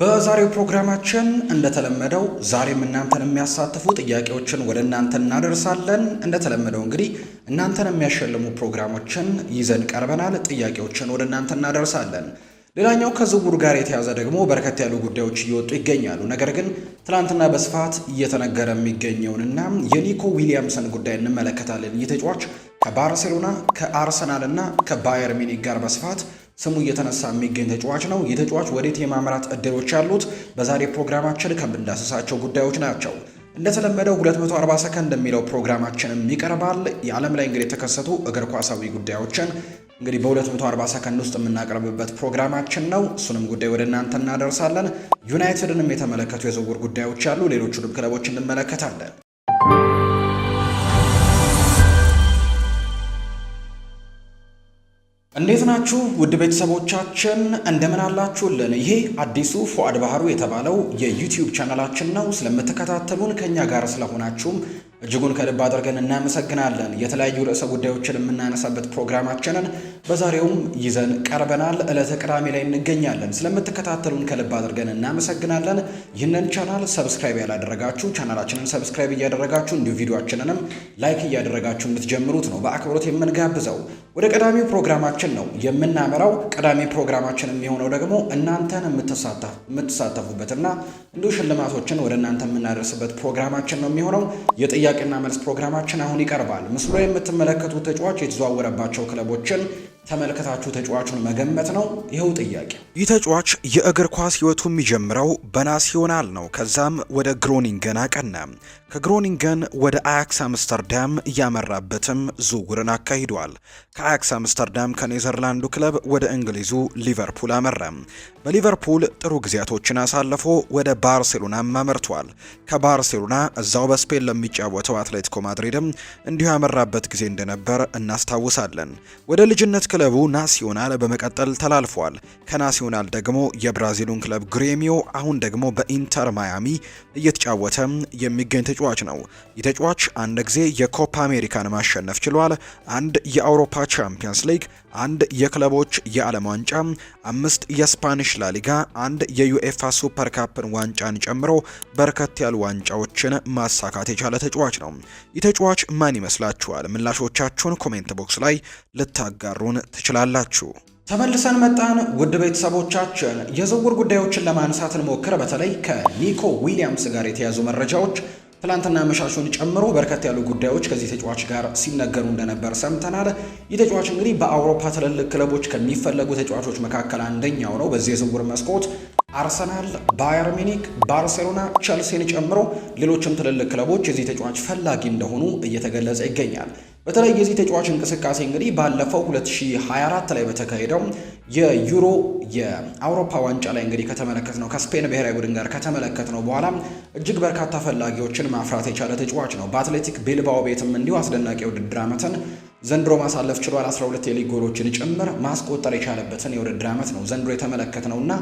በዛሬው ፕሮግራማችን እንደተለመደው ዛሬም እናንተን የሚያሳትፉ ጥያቄዎችን ወደ እናንተ እናደርሳለን። እንደተለመደው እንግዲህ እናንተን የሚያሸልሙ ፕሮግራሞችን ይዘን ቀርበናል። ጥያቄዎችን ወደ እናንተ እናደርሳለን። ሌላኛው ከዝውውር ጋር የተያዘ ደግሞ በርከት ያሉ ጉዳዮች እየወጡ ይገኛሉ። ነገር ግን ትናንትና በስፋት እየተነገረ የሚገኘውንና የኒኮ ዊሊያምሰን ጉዳይ እንመለከታለን። ይህ ተጫዋች ከባርሴሎና ከአርሰናል እና ከባየር ሚኒክ ጋር በስፋት ስሙ እየተነሳ የሚገኝ ተጫዋች ነው። ይህ ተጫዋች ወዴት የማምራት እድሎች ያሉት በዛሬ ፕሮግራማችን ከምንዳስሳቸው ጉዳዮች ናቸው። እንደተለመደው 240 ሰከንድ የሚለው ፕሮግራማችንም ይቀርባል። የዓለም ላይ እንግዲህ የተከሰቱ እግር ኳሳዊ ጉዳዮችን እንግዲህ በ240 ሰከንድ ውስጥ የምናቀርብበት ፕሮግራማችን ነው። እሱንም ጉዳይ ወደ እናንተ እናደርሳለን። ዩናይትድንም የተመለከቱ የዝውውር ጉዳዮች አሉ። ሌሎቹንም ክለቦች እንመለከታለን። እንዴት ናችሁ ውድ ቤተሰቦቻችን፣ እንደምን አላችሁልን? ይሄ አዲሱ ፉአድ ባህሩ የተባለው የዩቲዩብ ቻናላችን ነው። ስለምትከታተሉን ከእኛ ጋር ስለሆናችሁም እጅጉን ከልብ አድርገን እናመሰግናለን። የተለያዩ ርዕሰ ጉዳዮችን የምናነሳበት ፕሮግራማችንን በዛሬውም ይዘን ቀርበናል። ዕለተ ቅዳሜ ላይ እንገኛለን። ስለምትከታተሉን ከልብ አድርገን እናመሰግናለን። ይህንን ቻናል ሰብስክራይብ ያላደረጋችሁ ቻናላችንን ሰብስክራይብ እያደረጋችሁ እንዲሁ ቪዲዮችንንም ላይክ እያደረጋችሁ እንድትጀምሩት ነው በአክብሮት የምንጋብዘው። ወደ ቀዳሚው ፕሮግራማችን ነው የምናመራው። ቀዳሚ ፕሮግራማችን የሚሆነው ደግሞ እናንተን የምትሳተፉበትና እንዲሁ ሽልማቶችን ወደ እናንተ የምናደርስበት ፕሮግራማችን ነው የሚሆነው። የጥያቄና መልስ ፕሮግራማችን አሁን ይቀርባል። ምስሉ ላይ የምትመለከቱት ተጫዋች የተዘዋወረባቸው ክለቦችን ተመልከታችሁ ተጫዋቹን መገመት ነው። ይኸው ጥያቄ። ይህ ተጫዋች የእግር ኳስ ህይወቱ የሚጀምረው በናሲዮናል ነው። ከዛም ወደ ግሮኒንገን አቀና። ከግሮኒንገን ወደ አያክስ አምስተርዳም እያመራበትም ዝውውርን አካሂዷል። ከአያክስ አምስተርዳም ከኔዘርላንዱ ክለብ ወደ እንግሊዙ ሊቨርፑል አመራ። በሊቨርፑል ጥሩ ጊዜያቶችን አሳልፎ ወደ ባርሴሎናም አመርቷል። ከባርሴሎና እዛው በስፔን ለሚጫወተው አትሌቲኮ ማድሪድም እንዲሁ ያመራበት ጊዜ እንደነበር እናስታውሳለን። ወደ ልጅነት ክለቡ ናሲዮናል በመቀጠል ተላልፏል። ከናሲዮናል ደግሞ የብራዚሉን ክለብ ግሬሚዮ፣ አሁን ደግሞ በኢንተር ማያሚ እየተጫወተ የሚገኝ ተጫዋች ነው። ይህ ተጫዋች አንድ ጊዜ የኮፓ አሜሪካን ማሸነፍ ችሏል። አንድ የአውሮፓ ቻምፒየንስ ሊግ፣ አንድ የክለቦች የዓለም ዋንጫ፣ አምስት የስፓኒሽ ላሊጋ፣ አንድ የዩኤፋ ሱፐር ካፕን ዋንጫን ጨምሮ በርከት ያሉ ዋንጫዎችን ማሳካት የቻለ ተጫዋች ነው። ይህ ተጫዋች ማን ይመስላችኋል? ምላሾቻችሁን ኮሜንት ቦክስ ላይ ልታጋሩን ትችላላችሁ። ተመልሰን መጣን። ውድ ቤተሰቦቻችን የዝውውር ጉዳዮችን ለማንሳት እንሞክር። በተለይ ከኒኮ ዊሊያምስ ጋር የተያዙ መረጃዎች ትላንትና መሻሹን ጨምሮ በርከት ያሉ ጉዳዮች ከዚህ ተጫዋች ጋር ሲነገሩ እንደነበር ሰምተናል። ይህ ተጫዋች እንግዲህ በአውሮፓ ትልልቅ ክለቦች ከሚፈለጉ ተጫዋቾች መካከል አንደኛው ነው። በዚህ የዝውውር መስኮት አርሰናል፣ ባየር ሚኒክ፣ ባርሴሎና፣ ቸልሲን ጨምሮ ሌሎችም ትልልቅ ክለቦች የዚህ ተጫዋች ፈላጊ እንደሆኑ እየተገለጸ ይገኛል። በተለይ የዚህ ተጫዋች እንቅስቃሴ እንግዲህ ባለፈው 2024 ላይ በተካሄደው የዩሮ የአውሮፓ ዋንጫ ላይ እንግዲህ ከተመለከት ነው ከስፔን ብሔራዊ ቡድን ጋር ከተመለከት ነው በኋላ እጅግ በርካታ ፈላጊዎችን ማፍራት የቻለ ተጫዋች ነው። በአትሌቲክ ቤልባኦ ቤትም እንዲሁ አስደናቂ ውድድር ዓመትን ዘንድሮ ማሳለፍ ችሏል። 12 የሊግ ጎሎችን ጭምር ማስቆጠር የቻለበትን የውድድር ዓመት ነው ዘንድሮ ነው እና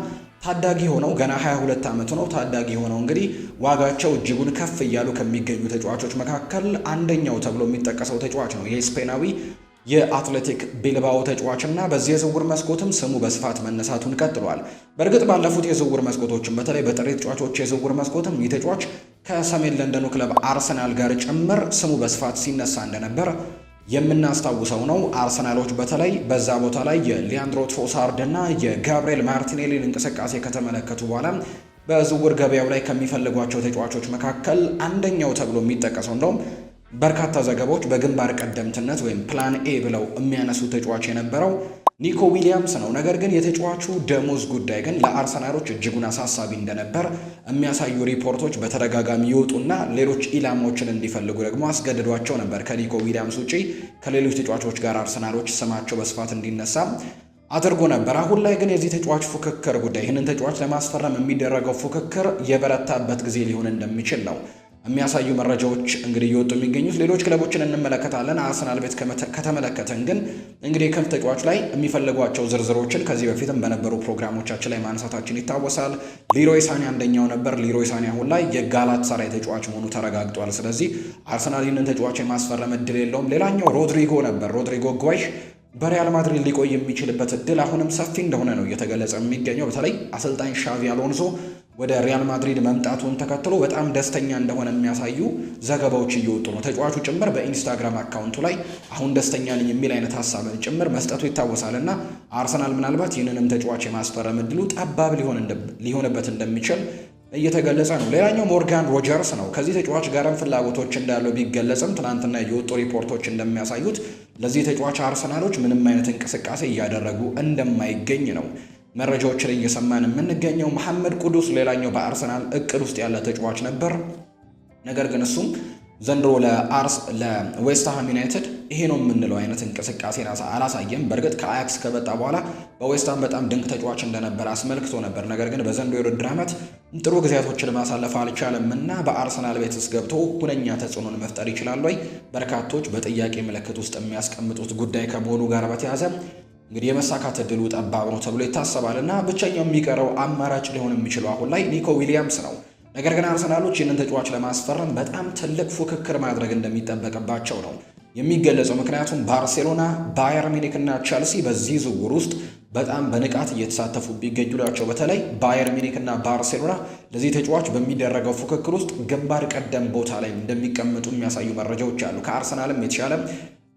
ታዳጊ ሆነው ገና 22 ዓመቱ ነው። ታዳጊ ሆነው እንግዲህ ዋጋቸው እጅጉን ከፍ እያሉ ከሚገኙ ተጫዋቾች መካከል አንደኛው ተብሎ የሚጠቀሰው ተጫዋች ነው። ይህ ስፔናዊ የአትሌቲክ ቢልባኦ ተጫዋች እና በዚህ የዝውውር መስኮትም ስሙ በስፋት መነሳቱን ቀጥሏል። በእርግጥ ባለፉት የዝውውር መስኮቶችም በተለይ በጥሬ ተጫዋቾች የዝውውር መስኮትም ይህ ተጫዋች ከሰሜን ለንደኑ ክለብ አርሰናል ጋር ጭምር ስሙ በስፋት ሲነሳ እንደነበር የምናስታውሰው ነው። አርሰናሎች በተለይ በዛ ቦታ ላይ የሊያንድሮ ትሮሳርድ እና የጋብሪኤል ማርቲኔሊን እንቅስቃሴ ከተመለከቱ በኋላ በዝውውር ገበያው ላይ ከሚፈልጓቸው ተጫዋቾች መካከል አንደኛው ተብሎ የሚጠቀሰው እንደውም በርካታ ዘገባዎች በግንባር ቀደምትነት ወይም ፕላን ኤ ብለው የሚያነሱ ተጫዋች የነበረው ኒኮ ዊሊያምስ ነው። ነገር ግን የተጫዋቹ ደሞዝ ጉዳይ ግን ለአርሰናሎች እጅጉን አሳሳቢ እንደነበር የሚያሳዩ ሪፖርቶች በተደጋጋሚ ይወጡና ሌሎች ኢላማዎችን እንዲፈልጉ ደግሞ አስገድዷቸው ነበር። ከኒኮ ዊሊያምስ ውጪ ከሌሎች ተጫዋቾች ጋር አርሰናሎች ስማቸው በስፋት እንዲነሳ አድርጎ ነበር። አሁን ላይ ግን የዚህ ተጫዋች ፉክክር ጉዳይ ይህንን ተጫዋች ለማስፈረም የሚደረገው ፉክክር የበረታበት ጊዜ ሊሆን እንደሚችል ነው የሚያሳዩ መረጃዎች እንግዲህ እየወጡ የሚገኙት ሌሎች ክለቦችን እንመለከታለን። አርሰናል ቤት ከተመለከተን ግን እንግዲህ የክንፍ ተጫዋች ላይ የሚፈልጓቸው ዝርዝሮችን ከዚህ በፊትም በነበሩ ፕሮግራሞቻችን ላይ ማንሳታችን ይታወሳል። ሊሮይ ሳኔ አንደኛው ነበር። ሊሮይ ሳኔ አሁን ላይ የጋላት ሰራይ ተጫዋች መሆኑ ተረጋግጧል። ስለዚህ አርሰናል ይህንን ተጫዋች የማስፈረም እድል የለውም። ሌላኛው ሮድሪጎ ነበር። ሮድሪጎ ጓይሽ በሪያል ማድሪድ ሊቆይ የሚችልበት እድል አሁንም ሰፊ እንደሆነ ነው እየተገለጸ የሚገኘው። በተለይ አሰልጣኝ ሻቪ አሎንሶ ወደ ሪያል ማድሪድ መምጣቱን ተከትሎ በጣም ደስተኛ እንደሆነ የሚያሳዩ ዘገባዎች እየወጡ ነው። ተጫዋቹ ጭምር በኢንስታግራም አካውንቱ ላይ አሁን ደስተኛ ነኝ የሚል አይነት ሀሳብን ጭምር መስጠቱ ይታወሳል እና አርሰናል ምናልባት ይህንንም ተጫዋች የማስፈረም እድሉ ጠባብ ሊሆንበት እንደሚችል እየተገለጸ ነው። ሌላኛው ሞርጋን ሮጀርስ ነው። ከዚህ ተጫዋች ጋርም ፍላጎቶች እንዳለው ቢገለጽም ትናንትና የወጡ ሪፖርቶች እንደሚያሳዩት ለዚህ ተጫዋች አርሰናሎች ምንም አይነት እንቅስቃሴ እያደረጉ እንደማይገኝ ነው መረጃዎችን እየሰማን የምንገኘው መሐመድ ቅዱስ ሌላኛው በአርሰናል እቅድ ውስጥ ያለ ተጫዋች ነበር። ነገር ግን እሱም ዘንድሮ ለአርስ ለዌስትሃም ዩናይትድ ይሄ ነው የምንለው አይነት እንቅስቃሴን አላሳየም። በእርግጥ ከአያክስ ከመጣ በኋላ በዌስትሃም በጣም ድንቅ ተጫዋች እንደነበር አስመልክቶ ነበር። ነገር ግን በዘንድሮ የውድድር ዓመት ጥሩ ጊዜያቶችን ማሳለፍ አልቻለም እና በአርሰናል ቤትስ ገብቶ ሁነኛ ተጽዕኖን መፍጠር ይችላል ወይ በርካቶች በጥያቄ ምልክት ውስጥ የሚያስቀምጡት ጉዳይ ከመሆኑ ጋር በተያያዘ እንግዲህ የመሳካት እድሉ ጠባብ ነው ተብሎ ይታሰባል እና ብቸኛው የሚቀረው አማራጭ ሊሆን የሚችለው አሁን ላይ ኒኮ ዊሊያምስ ነው። ነገር ግን አርሰናሎች ይህንን ተጫዋች ለማስፈረም በጣም ትልቅ ፉክክር ማድረግ እንደሚጠበቅባቸው ነው የሚገለጸው። ምክንያቱም ባርሴሎና፣ ባየር ሚኒክ እና ቸልሲ በዚህ ዝውውር ውስጥ በጣም በንቃት እየተሳተፉ ቢገኙ ናቸው። በተለይ ባየር ሚኒክ እና ባርሴሎና ለዚህ ተጫዋች በሚደረገው ፉክክር ውስጥ ግንባር ቀደም ቦታ ላይ እንደሚቀመጡ የሚያሳዩ መረጃዎች አሉ። ከአርሰናልም የተሻለም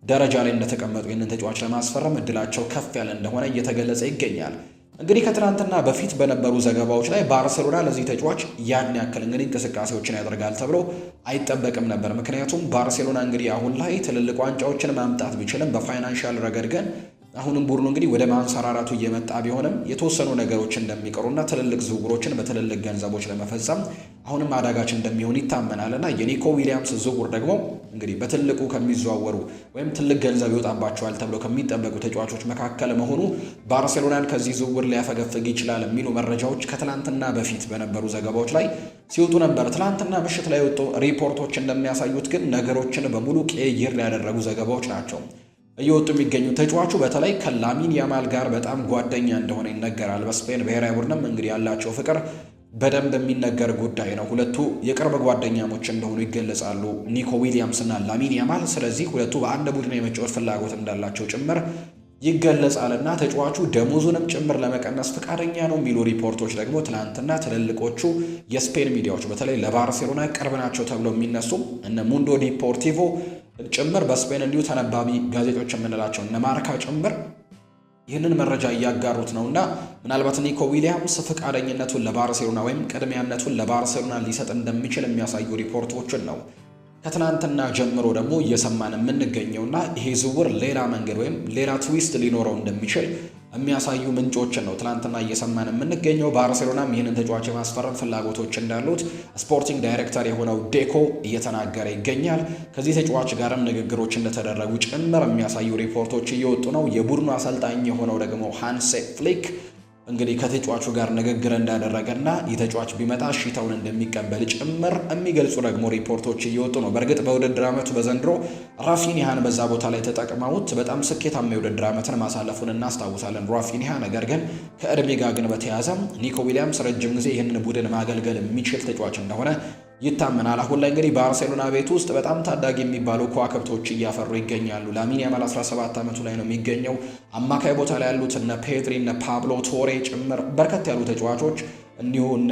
ደረጃ ላይ እንደተቀመጡ ይህንን ተጫዋች ለማስፈረም እድላቸው ከፍ ያለ እንደሆነ እየተገለጸ ይገኛል። እንግዲህ ከትናንትና በፊት በነበሩ ዘገባዎች ላይ ባርሴሎና ለዚህ ተጫዋች ያን ያክል እንግዲህ እንቅስቃሴዎችን ያደርጋል ተብሎ አይጠበቅም ነበር። ምክንያቱም ባርሴሎና እንግዲህ አሁን ላይ ትልልቅ ዋንጫዎችን ማምጣት ቢችልም በፋይናንሻል ረገድ ግን አሁንም ቡድኑ እንግዲህ ወደ ማንሰራራቱ እየመጣ ቢሆንም የተወሰኑ ነገሮች እንደሚቀሩና ትልልቅ ዝውውሮችን በትልልቅ ገንዘቦች ለመፈጸም አሁንም አዳጋች እንደሚሆን ይታመናል እና የኒኮ ዊሊያምስ ዝውውር ደግሞ እንግዲህ በትልቁ ከሚዘዋወሩ ወይም ትልቅ ገንዘብ ይወጣባቸዋል ተብሎ ከሚጠበቁ ተጫዋቾች መካከል መሆኑ ባርሴሎናን ከዚህ ዝውውር ሊያፈገፍግ ይችላል የሚሉ መረጃዎች ከትናንትና በፊት በነበሩ ዘገባዎች ላይ ሲወጡ ነበር። ትላንትና ምሽት ላይ የወጡ ሪፖርቶች እንደሚያሳዩት ግን ነገሮችን በሙሉ ቀይር ያደረጉ ዘገባዎች ናቸው። እየወጡ የሚገኙ ተጫዋቹ በተለይ ከላሚን ያማል ጋር በጣም ጓደኛ እንደሆነ ይነገራል። በስፔን ብሔራዊ ቡድንም እንግዲህ ያላቸው ፍቅር በደንብ የሚነገር ጉዳይ ነው። ሁለቱ የቅርብ ጓደኛሞች እንደሆኑ ይገለጻሉ፣ ኒኮ ዊሊያምስ እና ላሚን ያማል። ስለዚህ ሁለቱ በአንድ ቡድን የመጫወት ፍላጎት እንዳላቸው ጭምር ይገለጻል እና ተጫዋቹ ደሞዙንም ጭምር ለመቀነስ ፈቃደኛ ነው የሚሉ ሪፖርቶች ደግሞ ትናንትና ትልልቆቹ የስፔን ሚዲያዎች በተለይ ለባርሴሎና ቅርብ ናቸው ተብለው የሚነሱ እነ ሙንዶ ዲፖርቲቮ ጭምር በስፔን እንዲሁ ተነባቢ ጋዜጦች የምንላቸው እነ ማርካ ጭምር ይህንን መረጃ እያጋሩት ነው እና ምናልባት ኒኮ ዊሊያምስ ፈቃደኝነቱን ለባርሴሎና ወይም ቅድሚያነቱን ለባርሴሎና ሊሰጥ እንደሚችል የሚያሳዩ ሪፖርቶችን ነው ከትናንትና ጀምሮ ደግሞ እየሰማን የምንገኘውና ይሄ ዝውውር ሌላ መንገድ ወይም ሌላ ትዊስት ሊኖረው እንደሚችል የሚያሳዩ ምንጮችን ነው ትናንትና እየሰማን የምንገኘው። ባርሴሎናም ይህንን ተጫዋች የማስፈረም ፍላጎቶች እንዳሉት ስፖርቲንግ ዳይሬክተር የሆነው ዴኮ እየተናገረ ይገኛል። ከዚህ ተጫዋች ጋርም ንግግሮች እንደተደረጉ ጭምር የሚያሳዩ ሪፖርቶች እየወጡ ነው። የቡድኑ አሰልጣኝ የሆነው ደግሞ ሃንሴ ፍሊክ እንግዲህ ከተጫዋቹ ጋር ንግግር እንዳደረገና የተጫዋች ቢመጣ ሽታውን እንደሚቀበል ጭምር የሚገልጹ ደግሞ ሪፖርቶች እየወጡ ነው። በእርግጥ በውድድር ዓመቱ በዘንድሮ ራፊኒሃን በዛ ቦታ ላይ ተጠቅመውት በጣም ስኬታማ የውድድር ዓመትን ማሳለፉን እናስታውሳለን ራፊኒሃ። ነገር ግን ከእድሜ ጋር ግን ኒኮ ዊሊያምስ ረጅም ጊዜ ይህንን ቡድን ማገልገል የሚችል ተጫዋች እንደሆነ ይታመናል። አሁን ላይ እንግዲህ ባርሴሎና ቤት ውስጥ በጣም ታዳጊ የሚባሉ ከዋክብቶች እያፈሩ ይገኛሉ። ላሚን ያማል 17 ዓመቱ ላይ ነው የሚገኘው። አማካይ ቦታ ላይ ያሉት እነ ፔድሪ፣ እነ ፓብሎ ቶሬ ጭምር በርከት ያሉ ተጫዋቾች እንዲሁን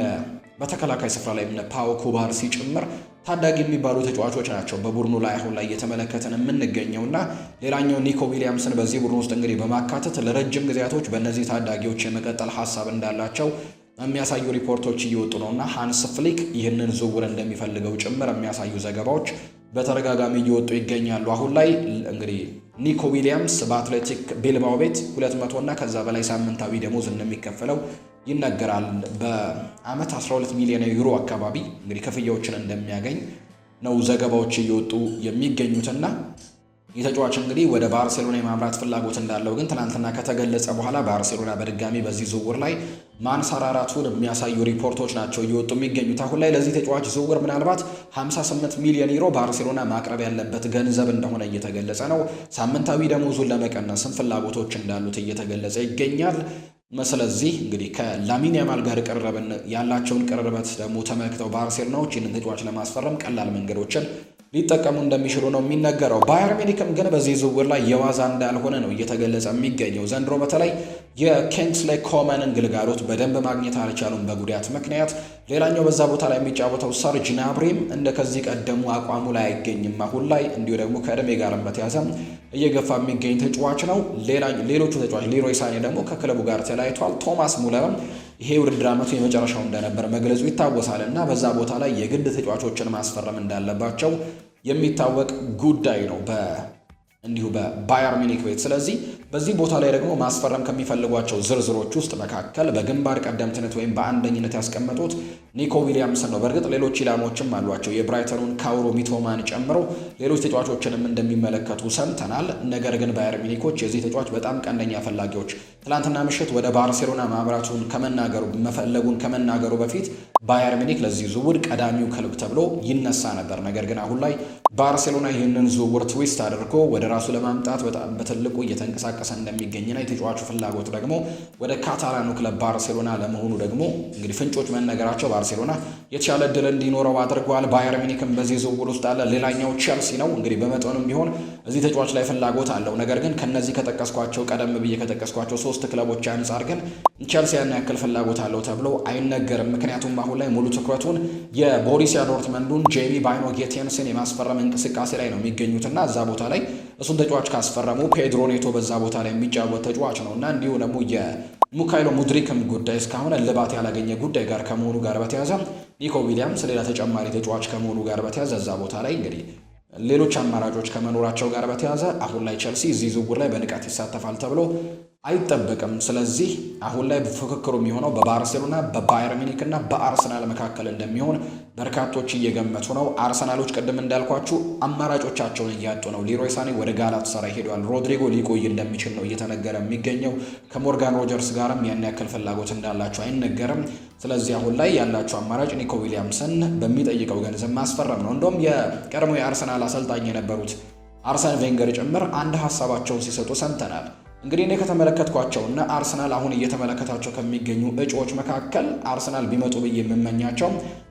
በተከላካይ ስፍራ ላይ እነ ፓው ኩባርሲ ጭምር ታዳጊ የሚባሉ ተጫዋቾች ናቸው በቡድኑ ላይ አሁን ላይ እየተመለከተን የምንገኘው እና ሌላኛው ኒኮ ዊሊያምስን በዚህ ቡድን ውስጥ እንግዲህ በማካተት ለረጅም ጊዜያቶች በእነዚህ ታዳጊዎች የመቀጠል ሀሳብ እንዳላቸው የሚያሳዩ ሪፖርቶች እየወጡ ነው እና ሃንስ ፍሊክ ይህንን ዝውውር እንደሚፈልገው ጭምር የሚያሳዩ ዘገባዎች በተደጋጋሚ እየወጡ ይገኛሉ። አሁን ላይ እንግዲህ ኒኮ ዊሊያምስ በአትሌቲክ ቢልባኦ ቤት 200 እና ከዛ በላይ ሳምንታዊ ደሞዝ እንደሚከፈለው ይነገራል። በአመት 12 ሚሊዮን ዩሮ አካባቢ እንግዲህ ክፍያዎችን እንደሚያገኝ ነው ዘገባዎች እየወጡ የሚገኙትና የተጫዋች እንግዲህ ወደ ባርሴሎና የማምራት ፍላጎት እንዳለው ግን ትናንትና ከተገለጸ በኋላ ባርሴሎና በድጋሚ በዚህ ዝውውር ላይ ማንሰራራቱን የሚያሳዩ ሪፖርቶች ናቸው እየወጡ የሚገኙት። አሁን ላይ ለዚህ ተጫዋች ዝውውር ምናልባት 58 ሚሊዮን ዩሮ ባርሴሎና ማቅረብ ያለበት ገንዘብ እንደሆነ እየተገለጸ ነው። ሳምንታዊ ደሞዙን ለመቀነስም ፍላጎቶች እንዳሉት እየተገለጸ ይገኛል። ስለዚህ እንግዲህ ከላሚን ያማል ጋር ቅርርብን ያላቸውን ቅርርበት ደግሞ ተመልክተው ባርሴሎናዎች ይህንን ተጫዋች ለማስፈረም ቀላል መንገዶችን ሊጠቀሙ እንደሚችሉ ነው የሚነገረው። ባየር ሚኒክም ግን በዚህ ዝውውር ላይ የዋዛ እንዳልሆነ ነው እየተገለጸ የሚገኘው። ዘንድሮ በተለይ ላይ ኮመንን ግልጋሎት በደንብ ማግኘት አልቻሉም በጉዳት ምክንያት። ሌላኛው በዛ ቦታ ላይ የሚጫወተው ሰርጅ ናብሪም እንደ ከዚህ ቀደሙ አቋሙ ላይ አይገኝም አሁን ላይ እንዲሁ ደግሞ ከእድሜ ጋር በተያዘ እየገፋ የሚገኝ ተጫዋች ነው። ሌሎቹ ተጫዋች ሌሮይ ሳኔ ደግሞ ከክለቡ ጋር ተለያይቷል። ቶማስ ሙለርም ይሄ ውድድር ዓመቱ የመጨረሻው እንደነበር መግለጹ ይታወሳል እና በዛ ቦታ ላይ የግድ ተጫዋቾችን ማስፈረም እንዳለባቸው የሚታወቅ ጉዳይ ነው እንዲሁ በባየር ሚኒክ ቤት። ስለዚህ በዚህ ቦታ ላይ ደግሞ ማስፈረም ከሚፈልጓቸው ዝርዝሮች ውስጥ መካከል በግንባር ቀደምትነት ወይም በአንደኝነት ያስቀመጡት ኒኮ ዊሊያምስን ነው። በእርግጥ ሌሎች ኢላማዎችም አሏቸው። የብራይተኑን ካውሮ ሚቶማን ጨምሮ ሌሎች ተጫዋቾችንም እንደሚመለከቱ ሰምተናል። ነገር ግን ባየር ሚኒኮች የዚህ ተጫዋች በጣም ቀንደኛ ፈላጊዎች ትላንትና ምሽት ወደ ባርሴሎና ማምራቱን ከመናገሩ መፈለጉን ከመናገሩ በፊት ባየር ሚኒክ ለዚህ ዝውውር ቀዳሚው ክለብ ተብሎ ይነሳ ነበር። ነገር ግን አሁን ላይ ባርሴሎና ይህንን ዝውውር ትዊስት አድርጎ ወደ ራሱ ለማምጣት በጣም በትልቁ እየተንቀሳቀሰ እንደሚገኝና የተጫዋቹ ፍላጎት ደግሞ ወደ ካታላኑ ክለብ ባርሴሎና ለመሆኑ ደግሞ እንግዲህ ፍንጮች መነገራቸው ባርሴሎና የተሻለ ድል እንዲኖረው አድርጓል። ባየር ሚኒክም በዚህ ዝውውር ውስጥ አለ። ሌላኛው ቸልሲ ነው። እንግዲህ በመጠኑም ቢሆን እዚህ ተጫዋች ላይ ፍላጎት አለው። ነገር ግን ከነዚህ ከጠቀስኳቸው ቀደም ብዬ ከጠቀስኳቸው ሶስት ክለቦች አንጻር ግን ቸልሲ ያን ያክል ፍላጎት አለው ተብሎ አይነገርም። ምክንያቱም አሁን ላይ ሙሉ ትኩረቱን የቦሪሲያ ዶርትመንዱን ጄሚ ባይኖ ጌቴንስን የማስፈረም እንቅስቃሴ ላይ ነው የሚገኙትና እዛ ቦታ ላይ እሱን ተጫዋች ካስፈረሙ ፔድሮ ኔቶ በዛ ቦታ ላይ የሚጫወት ተጫዋች ነው እና እንዲሁ ደግሞ ሚካኤሎ ሙድሪክም ጉዳይ እስካሁን እልባት ያላገኘ ጉዳይ ጋር ከመሆኑ ጋር በተያዘ ኒኮ ዊሊያምስ ሌላ ተጨማሪ ተጫዋች ከመሆኑ ጋር በተያዘ እዛ ቦታ ላይ እንግዲህ ሌሎች አማራጮች ከመኖራቸው ጋር በተያዘ አሁን ላይ ቸልሲ እዚህ ዝውውር ላይ በንቃት ይሳተፋል ተብሎ አይጠበቅም። ስለዚህ አሁን ላይ ፍክክሩ የሚሆነው በባርሴሎና በባየር ሚኒክ እና በአርሰናል መካከል እንደሚሆን በርካቶች እየገመቱ ነው። አርሰናሎች ቅድም እንዳልኳችሁ አማራጮቻቸውን እያጡ ነው። ሊሮይ ሳኔ ወደ ጋላ ሰራ ሄዷል። ሮድሪጎ ሊቆይ እንደሚችል ነው እየተነገረ የሚገኘው። ከሞርጋን ሮጀርስ ጋርም ያን ያክል ፍላጎት እንዳላቸው አይነገርም። ስለዚህ አሁን ላይ ያላቸው አማራጭ ኒኮ ዊሊያምሰን በሚጠይቀው ገንዘብ ማስፈረም ነው። እንደውም የቀድሞ የአርሰናል አሰልጣኝ የነበሩት አርሰን ቬንገር ጭምር አንድ ሀሳባቸውን ሲሰጡ ሰምተናል። እንግዲህ እኔ ከተመለከትኳቸው እና አርሰናል አሁን እየተመለከታቸው ከሚገኙ እጩዎች መካከል አርሰናል ቢመጡ ብዬ የምመኛቸው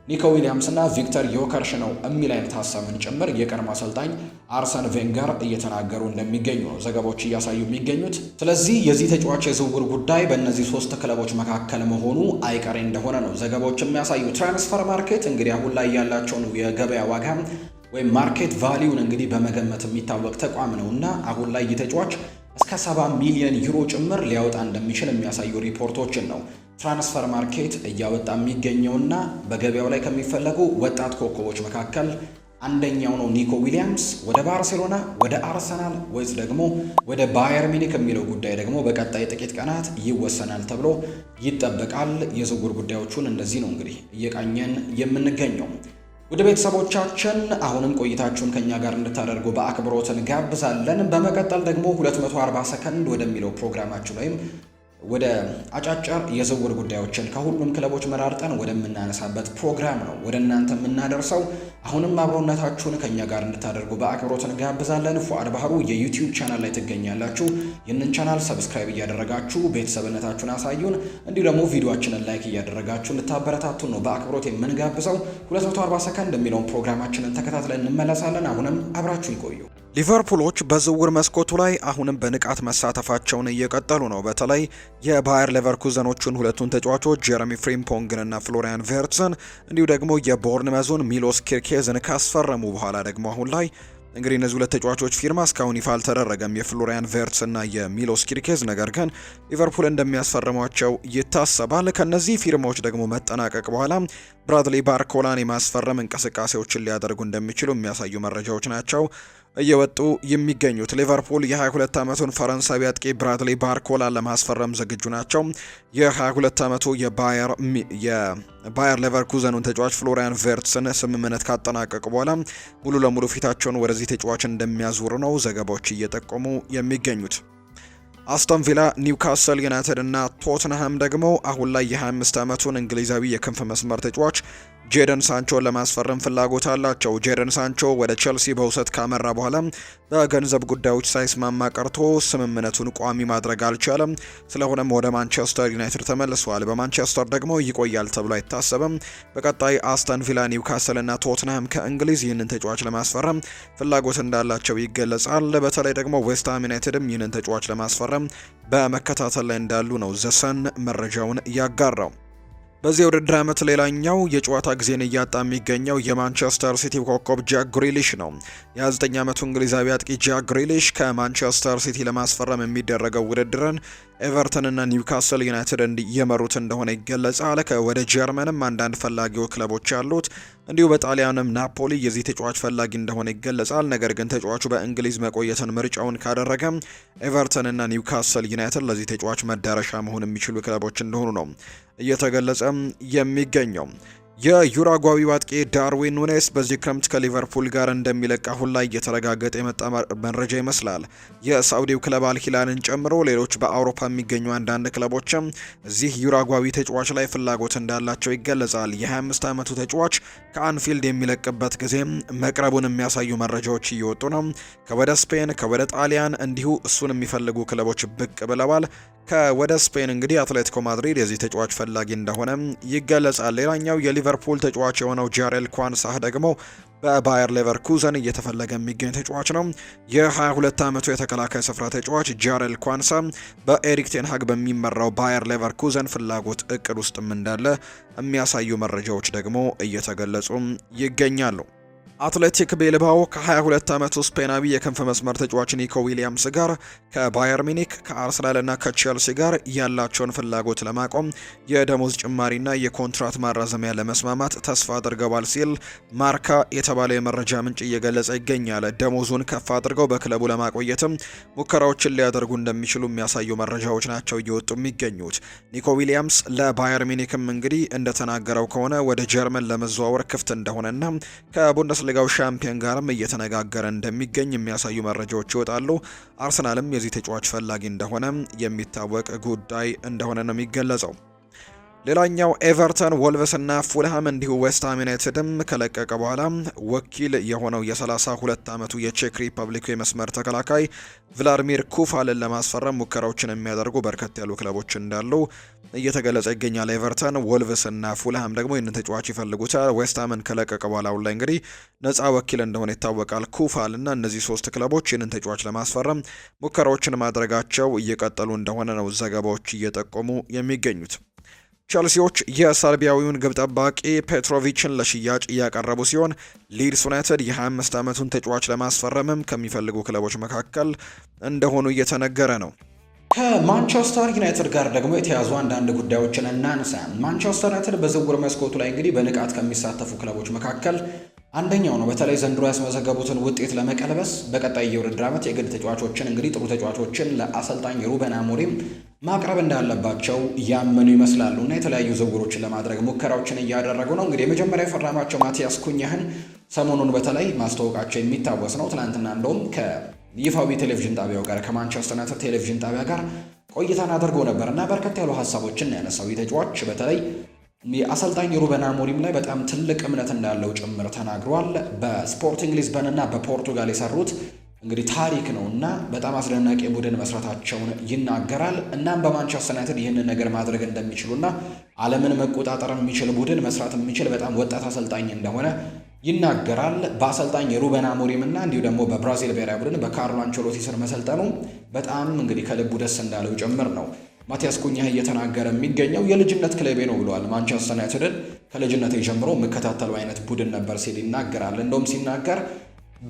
ኒኮ ዊሊያምስ እና ቪክተር ዮከርሽ ነው የሚል አይነት ሀሳብን ጭምር የቀድሞ አሰልጣኝ አርሰን ቬንገር እየተናገሩ እንደሚገኙ ነው ዘገባዎች እያሳዩ የሚገኙት። ስለዚህ የዚህ ተጫዋች የዝውውር ጉዳይ በእነዚህ ሶስት ክለቦች መካከል መሆኑ አይቀሬ እንደሆነ ነው ዘገባዎች የሚያሳዩ። ትራንስፈር ማርኬት እንግዲህ አሁን ላይ ያላቸውን የገበያ ዋጋ ወይም ማርኬት ቫሊዩን እንግዲህ በመገመት የሚታወቅ ተቋም ነው እና አሁን ላይ የተጫዋች እስከ 70 ሚሊዮን ዩሮ ጭምር ሊያወጣ እንደሚችል የሚያሳዩ ሪፖርቶችን ነው ትራንስፈር ማርኬት እያወጣ የሚገኘውና በገበያው ላይ ከሚፈለጉ ወጣት ኮከቦች መካከል አንደኛው ነው። ኒኮ ዊሊያምስ ወደ ባርሴሎና፣ ወደ አርሰናል ወይስ ደግሞ ወደ ባየር ሚኒክ የሚለው ጉዳይ ደግሞ በቀጣይ ጥቂት ቀናት ይወሰናል ተብሎ ይጠበቃል። የዝውውር ጉዳዮቹን እንደዚህ ነው እንግዲህ እየቃኘን የምንገኘው። ወደ ቤተሰቦቻችን አሁንም ቆይታችሁን ከኛ ጋር እንድታደርጉ በአክብሮት እንጋብዛለን። በመቀጠል ደግሞ 240 ሰከንድ ወደሚለው ፕሮግራማችን ወይም ወደ አጫጭር የዝውውር ጉዳዮችን ከሁሉም ክለቦች መራርጠን ወደምናነሳበት ፕሮግራም ነው ወደ እናንተ የምናደርሰው። አሁንም አብሮነታችሁን ከእኛ ጋር እንድታደርጉ በአክብሮት እንጋብዛለን። ፉአድ ባህሩ የዩቲዩብ ቻናል ላይ ትገኛላችሁ። ይህንን ቻናል ሰብስክራይብ እያደረጋችሁ ቤተሰብነታችሁን አሳዩን። እንዲሁ ደግሞ ቪዲዮችንን ላይክ እያደረጋችሁ እንድታበረታቱን ነው በአክብሮት የምንጋብዘው። 240 ሰከንድ የሚለውን ፕሮግራማችንን ተከታትለን እንመለሳለን። አሁንም አብራችሁ ይቆዩ። ሊቨርፑሎች በዝውውር መስኮቱ ላይ አሁንም በንቃት መሳተፋቸውን እየቀጠሉ ነው። በተለይ የባየር ሌቨርኩዘኖቹን ሁለቱን ተጫዋቾች ጀረሚ ፍሪምፖንግንና ፍሎሪያን ቬርትዝን እንዲሁ ደግሞ የቦርንመዞን ሚሎስ ኪርኬዝን ካስፈረሙ በኋላ ደግሞ አሁን ላይ እንግዲህ እነዚህ ሁለት ተጫዋቾች ፊርማ እስካሁን ይፋ አልተደረገም፣ የፍሎሪያን ቬርትስ እና የሚሎስ ኪርኬዝ። ነገር ግን ሊቨርፑል እንደሚያስፈርሟቸው ይታሰባል። ከነዚህ ፊርማዎች ደግሞ መጠናቀቅ በኋላ ብራድሊ ባርኮላን የማስፈረም እንቅስቃሴዎችን ሊያደርጉ እንደሚችሉ የሚያሳዩ መረጃዎች ናቸው እየወጡ የሚገኙት። ሊቨርፑል የ22 ዓመቱን ፈረንሳዊ አጥቂ ብራድሊ ባርኮላ ለማስፈረም ዝግጁ ናቸው። የ22 ዓመቱ የባየር ሌቨርኩዘኑን ተጫዋች ፍሎሪያን ቬርትስን ስምምነት ካጠናቀቁ በኋላ ሙሉ ለሙሉ ፊታቸውን ወደዚህ ተጫዋች እንደሚያዙር ነው ዘገባዎች እየጠቆሙ የሚገኙት። አስቶን ቪላ፣ ኒውካስል ዩናይትድ እና ቶትንሃም ደግሞ አሁን ላይ የ25 ዓመቱን እንግሊዛዊ የክንፍ መስመር ተጫዋች ጄደን ሳንቾን ለማስፈረም ፍላጎት አላቸው። ጄደን ሳንቾ ወደ ቸልሲ በውሰት ካመራ በኋላ በገንዘብ ጉዳዮች ሳይስማማ ቀርቶ ስምምነቱን ቋሚ ማድረግ አልቻለም። ስለሆነም ወደ ማንቸስተር ዩናይትድ ተመልሷል። በማንቸስተር ደግሞ ይቆያል ተብሎ አይታሰብም። በቀጣይ አስተን ቪላ፣ ኒውካስል እና ቶትንሃም ከእንግሊዝ ይህንን ተጫዋች ለማስፈረም ፍላጎት እንዳላቸው ይገለጻል። በተለይ ደግሞ ዌስትሃም ዩናይትድም ይህንን ተጫዋች ለማስፈረም በመከታተል ላይ እንዳሉ ነው ዘሰን መረጃውን ያጋራው። በዚህ የውድድር ዓመት ሌላኛው የጨዋታ ጊዜን እያጣ የሚገኘው የማንቸስተር ሲቲ ኮከብ ጃክ ግሪሊሽ ነው። የ29 ዓመቱ እንግሊዛዊ አጥቂ ጃክ ግሪሊሽ ከማንቸስተር ሲቲ ለማስፈረም የሚደረገው ውድድርን ኤቨርተንና ኒውካስል ዩናይትድን እየመሩት እንደሆነ ይገለጻል። ወደ ጀርመንም አንዳንድ ፈላጊው ክለቦች ያሉት እንዲሁ በጣሊያንም ናፖሊ የዚህ ተጫዋች ፈላጊ እንደሆነ ይገለጻል። ነገር ግን ተጫዋቹ በእንግሊዝ መቆየትን ምርጫውን ካደረገ ኤቨርተንና ኒውካስል ዩናይትድ ለዚህ ተጫዋች መዳረሻ መሆን የሚችሉ ክለቦች እንደሆኑ ነው እየተገለጸ የሚገኘው። የዩራጓዊው አጥቂ ዳርዊን ኑኔስ በዚህ ክረምት ከሊቨርፑል ጋር እንደሚለቅ አሁን ላይ እየተረጋገጠ የመጣ መረጃ ይመስላል። የሳዑዲው ክለብ አልሂላልን ጨምሮ ሌሎች በአውሮፓ የሚገኙ አንዳንድ ክለቦችም እዚህ ዩራጓዊ ተጫዋች ላይ ፍላጎት እንዳላቸው ይገለጻል። የ25 ዓመቱ ተጫዋች ከአንፊልድ የሚለቅበት ጊዜም መቅረቡን የሚያሳዩ መረጃዎች እየወጡ ነው። ከወደ ስፔን ከወደ ጣሊያን እንዲሁ እሱን የሚፈልጉ ክለቦች ብቅ ብለዋል። ከወደ ስፔን እንግዲህ አትሌቲኮ ማድሪድ የዚህ ተጫዋች ፈላጊ እንደሆነ ይገለጻል። ሌላኛው የሊቨርፑል ተጫዋች የሆነው ጃሬል ኳንሳህ ደግሞ በባየር ሌቨርኩዘን እየተፈለገ የሚገኝ ተጫዋች ነው። የ22 ዓመቱ የተከላካይ ስፍራ ተጫዋች ጃሬል ኳንሳ በኤሪክ ቴንሃግ በሚመራው ባየር ሌቨርኩዘን ፍላጎት እቅድ ውስጥም እንዳለ የሚያሳዩ መረጃዎች ደግሞ እየተገለጹ ይገኛሉ። አትሌቲክ ቤልባኦ ከ22 ዓመቱ ስፔናዊ የክንፍ መስመር ተጫዋች ኒኮ ዊሊያምስ ጋር ከባየር ሚኒክ ከአርሰናልና ከቼልሲ ጋር ያላቸውን ፍላጎት ለማቆም የደሞዝ ጭማሪና የኮንትራት ማራዘሚያ ለመስማማት ተስፋ አድርገዋል ሲል ማርካ የተባለ የመረጃ ምንጭ እየገለጸ ይገኛል። ደሞዙን ከፍ አድርገው በክለቡ ለማቆየትም ሙከራዎችን ሊያደርጉ እንደሚችሉ የሚያሳዩ መረጃዎች ናቸው እየወጡ የሚገኙት። ኒኮ ዊሊያምስ ለባየር ሚኒክም እንግዲህ እንደተናገረው ከሆነ ወደ ጀርመን ለመዘዋወር ክፍት እንደሆነና ከቡንደስ ሊጋው ሻምፒዮን ጋርም እየተነጋገረ እንደሚገኝ የሚያሳዩ መረጃዎች ይወጣሉ። አርሰናልም የዚህ ተጫዋች ፈላጊ እንደሆነ የሚታወቅ ጉዳይ እንደሆነ ነው የሚገለጸው። ሌላኛው ኤቨርተን፣ ወልቭስና ፉልሃም እንዲሁ ዌስትሃም ዩናይትድም ከለቀቀ በኋላ ወኪል የሆነው የ32 ዓመቱ የቼክ ሪፐብሊኩ የመስመር ተከላካይ ቭላድሚር ኩፋልን ለማስፈረም ሙከራዎችን የሚያደርጉ በርከት ያሉ ክለቦች እንዳሉ እየተገለጸ ይገኛል። ኤቨርተን፣ ወልቭስና ፉልሃም ደግሞ ይህንን ተጫዋች ይፈልጉታል። ዌስትሃምን ከለቀቀ በኋላ አሁን ላይ እንግዲህ ነፃ ወኪል እንደሆነ ይታወቃል። ኩፋልና እነዚህ ሶስት ክለቦች ይህንን ተጫዋች ለማስፈረም ሙከራዎችን ማድረጋቸው እየቀጠሉ እንደሆነ ነው ዘገባዎች እየጠቆሙ የሚገኙት። ቸልሲዎች የሰርቢያዊውን ግብ ጠባቂ ፔትሮቪችን ለሽያጭ እያቀረቡ ሲሆን ሊድስ ዩናይትድ የ25 ዓመቱን ተጫዋች ለማስፈረምም ከሚፈልጉ ክለቦች መካከል እንደሆኑ እየተነገረ ነው። ከማንቸስተር ዩናይትድ ጋር ደግሞ የተያዙ አንዳንድ ጉዳዮችን እናንሳ። ማንቸስተር ዩናይትድ በዝውውር መስኮቱ ላይ እንግዲህ በንቃት ከሚሳተፉ ክለቦች መካከል አንደኛው ነው። በተለይ ዘንድሮ ያስመዘገቡትን ውጤት ለመቀልበስ በቀጣይ የውድድር ዓመት የግል ተጫዋቾችን እንግዲህ ጥሩ ተጫዋቾችን ለአሰልጣኝ ሩበን አሞሪም ማቅረብ እንዳለባቸው ያመኑ ይመስላሉ እና የተለያዩ ዝውውሮችን ለማድረግ ሙከራዎችን እያደረጉ ነው። እንግዲህ የመጀመሪያ የፈረማቸው ማቲያስ ኩኛህን ሰሞኑን በተለይ ማስተዋወቃቸው የሚታወስ ነው። ትናንትና እንደውም ከይፋዊ ቴሌቪዥን ጣቢያው ጋር ከማንቸስተር ዩናይትድ ቴሌቪዥን ጣቢያ ጋር ቆይታን አድርጎ ነበር እና በርከት ያሉ ሀሳቦችን ነው ያነሳው። የተጫዋች በተለይ የአሰልጣኝ ሩበን አሞሪም ላይ በጣም ትልቅ እምነት እንዳለው ጭምር ተናግሯል። በስፖርቲንግ ሊዝበን እና በፖርቱጋል የሰሩት እንግዲህ ታሪክ ነው እና በጣም አስደናቂ ቡድን መስራታቸውን ይናገራል። እናም በማንቸስተር ዩናይትድ ይህንን ነገር ማድረግ እንደሚችሉና ዓለምን መቆጣጠር የሚችል ቡድን መስራት የሚችል በጣም ወጣት አሰልጣኝ እንደሆነ ይናገራል። በአሰልጣኝ የሩበን አሞሪም እና እንዲሁ ደግሞ በብራዚል ብሔራዊ ቡድን በካርሎ አንቸሎቲ ስር መሰልጠኑ በጣም እንግዲህ ከልቡ ደስ እንዳለው ጭምር ነው ማቲያስ ኩኛህ እየተናገረ የሚገኘው የልጅነት ክለቤ ነው ብለዋል። ማንቸስተር ዩናይትድን ከልጅነቴ ጀምሮ የምከታተለው አይነት ቡድን ነበር ሲል ይናገራል። እንደውም ሲናገር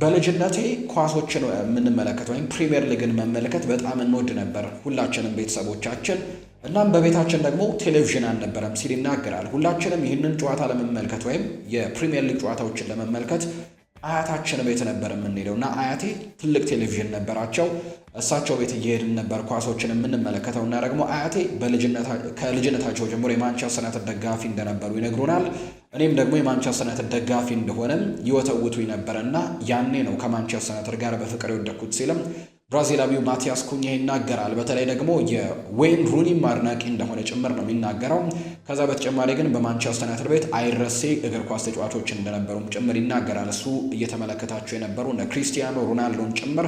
በልጅነቴ ኳሶችን የምንመለከት ወይም ፕሪምየር ሊግን መመልከት በጣም እንወድ ነበር ሁላችንም ቤተሰቦቻችን። እናም በቤታችን ደግሞ ቴሌቪዥን አልነበረም ሲል ይናገራል። ሁላችንም ይህንን ጨዋታ ለመመልከት ወይም የፕሪምየር ሊግ ጨዋታዎችን ለመመልከት አያታችን ቤት ነበር የምንሄደው እና አያቴ ትልቅ ቴሌቪዥን ነበራቸው። እሳቸው ቤት እየሄድን ነበር ኳሶችን የምንመለከተው እና ደግሞ አያቴ ከልጅነታቸው ጀምሮ የማንቸስተር ዩናይትድ ደጋፊ እንደነበሩ ይነግሩናል። እኔም ደግሞ የማንቸስተር ዩናይትድ ደጋፊ እንደሆነም ይወተውቱ ነበረ እና ያኔ ነው ከማንቸስተር ዩናይትድ ጋር በፍቅር የወደኩት ሲልም ብራዚላዊው ማቲያስ ኩኛ ይናገራል። በተለይ ደግሞ የዌይን ሩኒ ማድናቂ እንደሆነ ጭምር ነው የሚናገረው። ከዛ በተጨማሪ ግን በማንቸስተር ዩናይትድ ቤት አይረሴ እግር ኳስ ተጫዋቾች እንደነበሩም ጭምር ይናገራል። እሱ እየተመለከታቸው የነበሩ እነ ክሪስቲያኖ ሮናልዶን ጭምር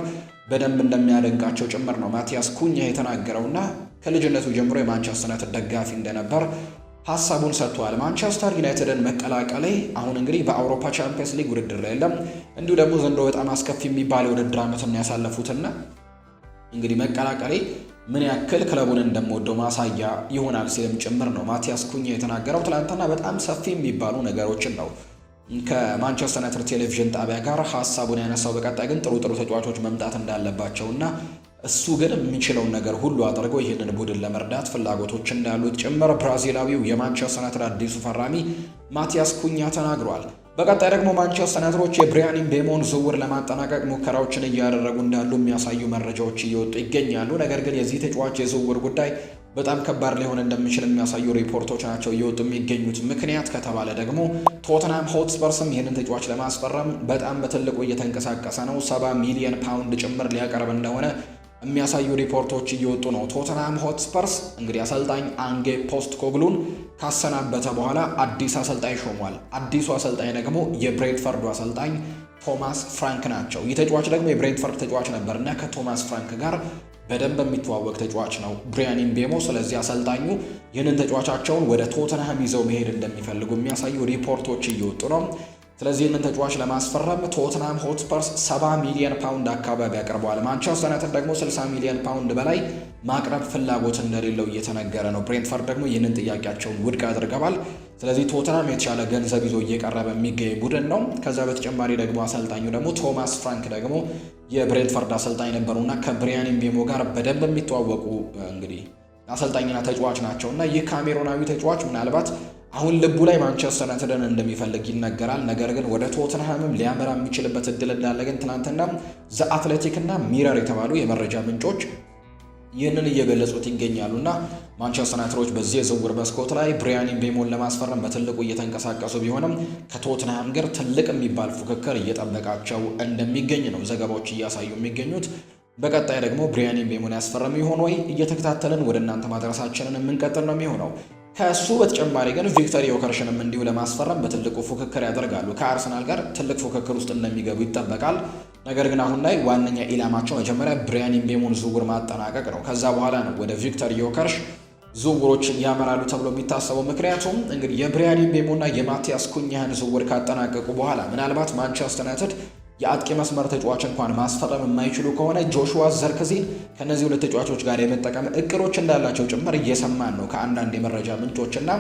በደንብ እንደሚያደንቃቸው ጭምር ነው ማቲያስ ኩኛ የተናገረውና ከልጅነቱ ጀምሮ የማንቸስተር ዩናይትድ ደጋፊ እንደነበር ሀሳቡን ሰጥቷል። ማንቸስተር ዩናይትድን መቀላቀሌ አሁን እንግዲህ በአውሮፓ ቻምፒየንስ ሊግ ውድድር ላይ የለም፣ እንዲሁ ደግሞ ዘንድሮ በጣም አስከፊ የሚባል የውድድር ዓመትን ያሳለፉትና እንግዲህ መቀላቀሌ ምን ያክል ክለቡን እንደምወደው ማሳያ ይሆናል ሲልም ጭምር ነው ማቲያስ ኩኛ የተናገረው። ትናንትና በጣም ሰፊ የሚባሉ ነገሮችን ነው ከማንቸስተር ዩናይትድ ቴሌቪዥን ጣቢያ ጋር ሀሳቡን ያነሳው። በቀጣይ ግን ጥሩ ጥሩ ተጫዋቾች መምጣት እንዳለባቸውና እሱ ግን የሚችለውን ነገር ሁሉ አድርጎ ይህንን ቡድን ለመርዳት ፍላጎቶች እንዳሉት ጭምር ብራዚላዊው የማንቸስተር ዩናይትድ አዲሱ ፈራሚ ማቲያስ ኩኛ ተናግሯል። በቀጣይ ደግሞ ማንቸስተር ዩናይትዶች የብሪያን ምቤሞን ዝውውር ለማጠናቀቅ ሙከራዎችን እያደረጉ እንዳሉ የሚያሳዩ መረጃዎች እየወጡ ይገኛሉ። ነገር ግን የዚህ ተጫዋች የዝውውር ጉዳይ በጣም ከባድ ሊሆን እንደሚችል የሚያሳዩ ሪፖርቶች ናቸው እየወጡ የሚገኙት። ምክንያት ከተባለ ደግሞ ቶትናም ሆትስፐርስም ይህንን ተጫዋች ለማስፈረም በጣም በትልቁ እየተንቀሳቀሰ ነው። ሰባ ሚሊየን ፓውንድ ጭምር ሊያቀርብ እንደሆነ የሚያሳዩ ሪፖርቶች እየወጡ ነው። ቶተንሃም ሆትስፐርስ እንግዲህ አሰልጣኝ አንጌ ፖስት ኮግሉን ካሰናበተ በኋላ አዲስ አሰልጣኝ ሾሟል። አዲሱ አሰልጣኝ ደግሞ የብሬንትፈርዱ አሰልጣኝ ቶማስ ፍራንክ ናቸው። ይህ ተጫዋች ደግሞ የብሬንትፈርድ ተጫዋች ነበር እና ከቶማስ ፍራንክ ጋር በደንብ የሚተዋወቅ ተጫዋች ነው ብሪያን ቤሞ ስለዚህ አሰልጣኙ ይህንን ተጫዋቻቸውን ወደ ቶተንሃም ይዘው መሄድ እንደሚፈልጉ የሚያሳዩ ሪፖርቶች እየወጡ ነው። ስለዚህ ይህንን ተጫዋች ለማስፈረም ቶትናም ሆትስፐርስ 70 ሚሊዮን ፓውንድ አካባቢ አቅርበዋል። ማንቸስተር ዩናይትድ ደግሞ 60 ሚሊዮን ፓውንድ በላይ ማቅረብ ፍላጎት እንደሌለው እየተነገረ ነው። ብሬንትፈርድ ደግሞ ይህንን ጥያቄያቸውን ውድቅ አድርገዋል። ስለዚህ ቶትናም የተሻለ ገንዘብ ይዞ እየቀረበ የሚገኝ ቡድን ነው። ከዛ በተጨማሪ ደግሞ አሰልጣኙ ደግሞ ቶማስ ፍራንክ ደግሞ የብሬንትፈርድ አሰልጣኝ ነበሩና ከብሪያን ምቤሞ ጋር በደንብ የሚተዋወቁ እንግዲህ አሰልጣኝና ተጫዋች ናቸው እና ይህ ካሜሮናዊ ተጫዋች ምናልባት አሁን ልቡ ላይ ማንቸስተር ዩናይትድን እንደሚፈልግ ይነገራል። ነገር ግን ወደ ቶትንሃምም ሊያመራ የሚችልበት እድል እንዳለ ግን ትናንትና ዘ አትሌቲክ እና ሚረር የተባሉ የመረጃ ምንጮች ይህንን እየገለጹት ይገኛሉ እና ማንቸስተር ዩናይትዶች በዚህ የዝውውር መስኮት ላይ ብሪያን ቤሞን ለማስፈረም በትልቁ እየተንቀሳቀሱ ቢሆንም ከቶትንሃም ጋር ትልቅ የሚባል ፉክክር እየጠበቃቸው እንደሚገኝ ነው ዘገባዎች እያሳዩ የሚገኙት። በቀጣይ ደግሞ ብሪያን ቤሞን ያስፈረም ይሆን ወይ እየተከታተልን ወደ እናንተ ማድረሳችንን የምንቀጥል ነው የሚሆነው። ከእሱ በተጨማሪ ግን ቪክተር ዮከርሽንም እንዲሁ ለማስፈረም በትልቁ ፉክክር ያደርጋሉ። ከአርሰናል ጋር ትልቅ ፉክክር ውስጥ እንደሚገቡ ይጠበቃል። ነገር ግን አሁን ላይ ዋነኛ ኢላማቸው መጀመሪያ ብሪያን ምቤሞን ዝውውር ማጠናቀቅ ነው። ከዛ በኋላ ነው ወደ ቪክተር ዮከርሽ ዝውውሮች ያመራሉ ተብሎ የሚታሰበው። ምክንያቱም እንግዲህ የብሪያን ምቤሞና የማቲያስ ኩኛህን ዝውውር ካጠናቀቁ በኋላ ምናልባት ማንቸስተር ዩናይትድ የአጥቂ መስመር ተጫዋች እንኳን ማስፈረም የማይችሉ ከሆነ ጆሹዋ ዘርክዚን ከእነዚህ ሁለት ተጫዋቾች ጋር የመጠቀም እቅዶች እንዳላቸው ጭምር እየሰማን ነው ከአንዳንድ የመረጃ ምንጮችና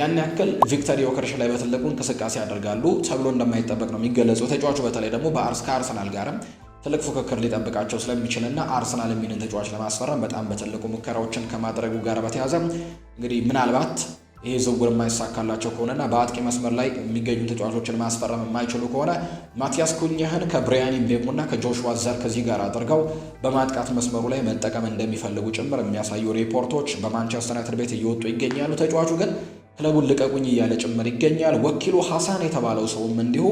ያን ያክል ቪክተር ዮከርሽ ላይ በትልቁ እንቅስቃሴ ያደርጋሉ ተብሎ እንደማይጠበቅ ነው የሚገለጸው። ተጫዋቹ በተለይ ደግሞ ከአርሰናል ጋርም ትልቅ ፉክክር ሊጠብቃቸው ስለሚችልና አርሰናል የሚንን ተጫዋች ለማስፈረም በጣም በትልቁ ሙከራዎችን ከማድረጉ ጋር በተያዘ እንግዲህ ምናልባት ይህ ዝውውር የማይሳካላቸው ከሆነና በአጥቂ መስመር ላይ የሚገኙ ተጫዋቾችን ማስፈረም የማይችሉ ከሆነ ማቲያስ ኩኝህን ከብሪያን ምቤሞና ከጆሹዋ ዘር ከዚህ ጋር አድርገው በማጥቃት መስመሩ ላይ መጠቀም እንደሚፈልጉ ጭምር የሚያሳዩ ሪፖርቶች በማንቸስተር ዩናይትድ ቤት እየወጡ ይገኛሉ። ተጫዋቹ ግን ክለቡን ልቀቁኝ እያለ ጭምር ይገኛል። ወኪሉ ሀሳን የተባለው ሰውም እንዲሁ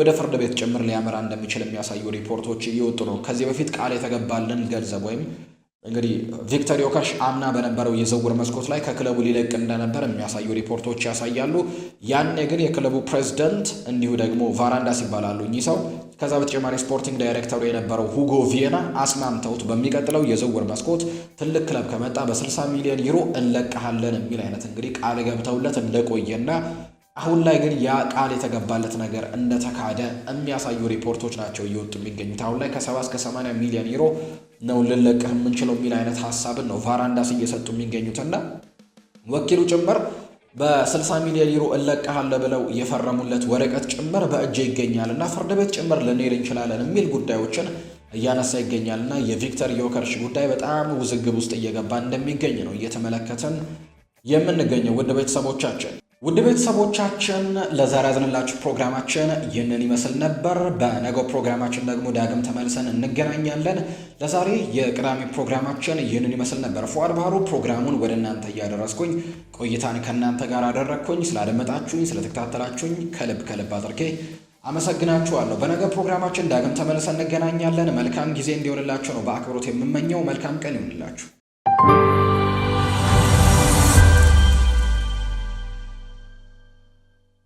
ወደ ፍርድ ቤት ጭምር ሊያመራ እንደሚችል የሚያሳዩ ሪፖርቶች እየወጡ ነው። ከዚህ በፊት ቃል የተገባልን ገንዘብ ወይም እንግዲህ ቪክተር ዮከሽ አምና በነበረው የዝውውር መስኮት ላይ ከክለቡ ሊለቅ እንደነበር የሚያሳዩ ሪፖርቶች ያሳያሉ። ያኔ ግን የክለቡ ፕሬዚደንት እንዲሁ ደግሞ ቫራንዳስ ይባላሉ እኚህ ሰው ከዛ በተጨማሪ ስፖርቲንግ ዳይሬክተሩ የነበረው ሁጎ ቪየና አስማምተውት በሚቀጥለው የዝውውር መስኮት ትልቅ ክለብ ከመጣ በ60 ሚሊዮን ዩሮ እንለቀሃለን የሚል አይነት እንግዲህ ቃል ገብተውለት እንደቆየና አሁን ላይ ግን ያ ቃል የተገባለት ነገር እንደተካደ የሚያሳዩ ሪፖርቶች ናቸው እየወጡ የሚገኙት። አሁን ላይ ከ70 እስከ 80 ሚሊዮን ዩሮ ነው ልንለቅህ የምንችለው የሚል አይነት ሀሳብን ነው ቫራንዳስ እየሰጡ የሚገኙትና ወኪሉ ጭምር በ60 ሚሊዮን ዩሮ እለቀሃለ ብለው የፈረሙለት ወረቀት ጭምር በእጅ ይገኛል እና ፍርድ ቤት ጭምር ልንሄድ እንችላለን የሚል ጉዳዮችን እያነሳ ይገኛል እና የቪክተር ዮከርሽ ጉዳይ በጣም ውዝግብ ውስጥ እየገባ እንደሚገኝ ነው እየተመለከትን የምንገኘው ውድ ቤተሰቦቻችን። ውድ ቤተሰቦቻችን ለዛሬ ያዝንላችሁ ፕሮግራማችን ይህንን ይመስል ነበር። በነገው ፕሮግራማችን ደግሞ ዳግም ተመልሰን እንገናኛለን። ለዛሬ የቅዳሜ ፕሮግራማችን ይህንን ይመስል ነበር። ፏድ ባህሩ ፕሮግራሙን ወደ እናንተ እያደረስኩኝ ቆይታን ከእናንተ ጋር አደረግኩኝ። ስላደመጣችሁኝ፣ ስለተከታተላችሁኝ ከልብ ከልብ አድርጌ አመሰግናችኋለሁ። በነገ ፕሮግራማችን ዳግም ተመልሰን እንገናኛለን። መልካም ጊዜ እንዲሆንላችሁ ነው በአክብሮት የምመኘው። መልካም ቀን ይሆንላችሁ።